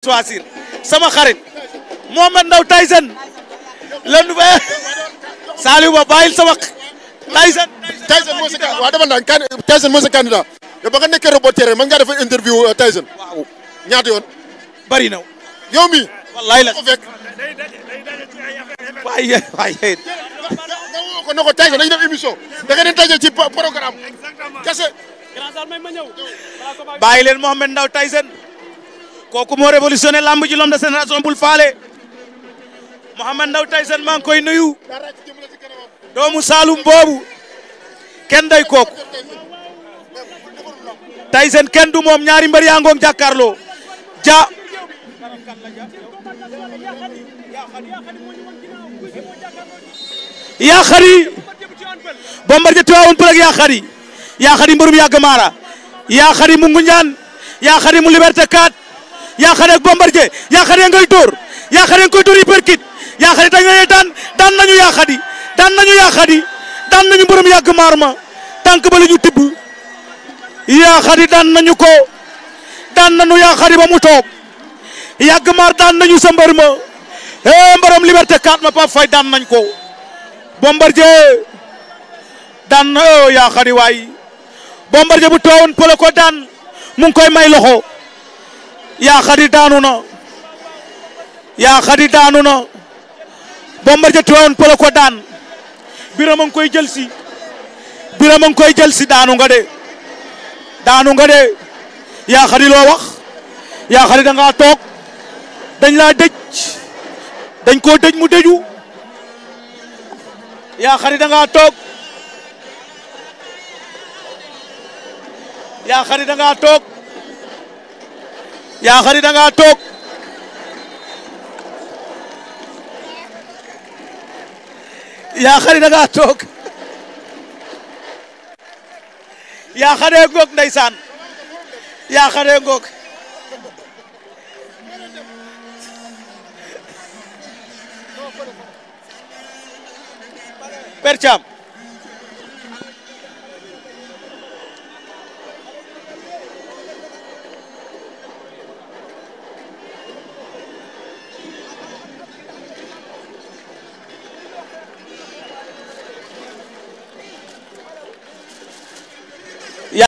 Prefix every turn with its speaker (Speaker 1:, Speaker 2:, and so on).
Speaker 1: choisir sama xarit Mohamed Ndao Tyson le nouvel
Speaker 2: Saliou Ba bàyyil sama Tyson Tyson moo sa waaw dama naan kan Tyson moo sa candidat yow ba nga nekkee reporter mën ngaa interview euh, Tyson ñaata yoon bari na yow mi wallaay la ko fekk waaye waaye nga ko na ko Tyson dañu def émission da nga leen dajee ci programme kese bàyyi leen Mohamed Ndao kooku moo révolutionné
Speaker 1: lamb ji de génération bul faale Mouhamed Ndao Tyson maa koy nuyu doomu Saalum boobu kenn kooku Tyson kenn du moom ñaari mbër yaa ngoog ja yaa xari Bombardier Tivaouane Peulh ak yaa xari yaa xari maara yaa mu Ngunjaan yaa mu Liberté 4 yaa xare ak bombardier yaa xare ngay dóor yaa xare koy dóor hyperkit yaa xare dañ ne daan daan nañu yaa xadi daan nañu yaa xadi daan nañu mbërëm yàgg maar ma tànk ba la ñu tibb yaa xadi daan nañu ko daan nañu yaa xadi ba mu toog yàgg maar daan nañu sa mbër ma hee eh, mbërëm liberté 4 ma Pape Faye daan nañ ko bombardier daan na eh, yaa xadi waay bombardier bu toowoon pël ko daan mu ngi koy may loxo. yaa xadi daanu na yaa xadi daanu na Bombardier Tivaouane Peulh ko daan Birame a ngi koy jël si Birame a koy jël si daanu nga de daanu nga de yaa xadi loo wax yaa xadi da toog dañ laa dëj dañ koo dëj mu dëju yaa xadi da toog yaa xadi da toog yaa xari da ngaa toog yaa xari da ngaa toog yaa xaree ngoog ndeysaan yaa xaree ngoog percam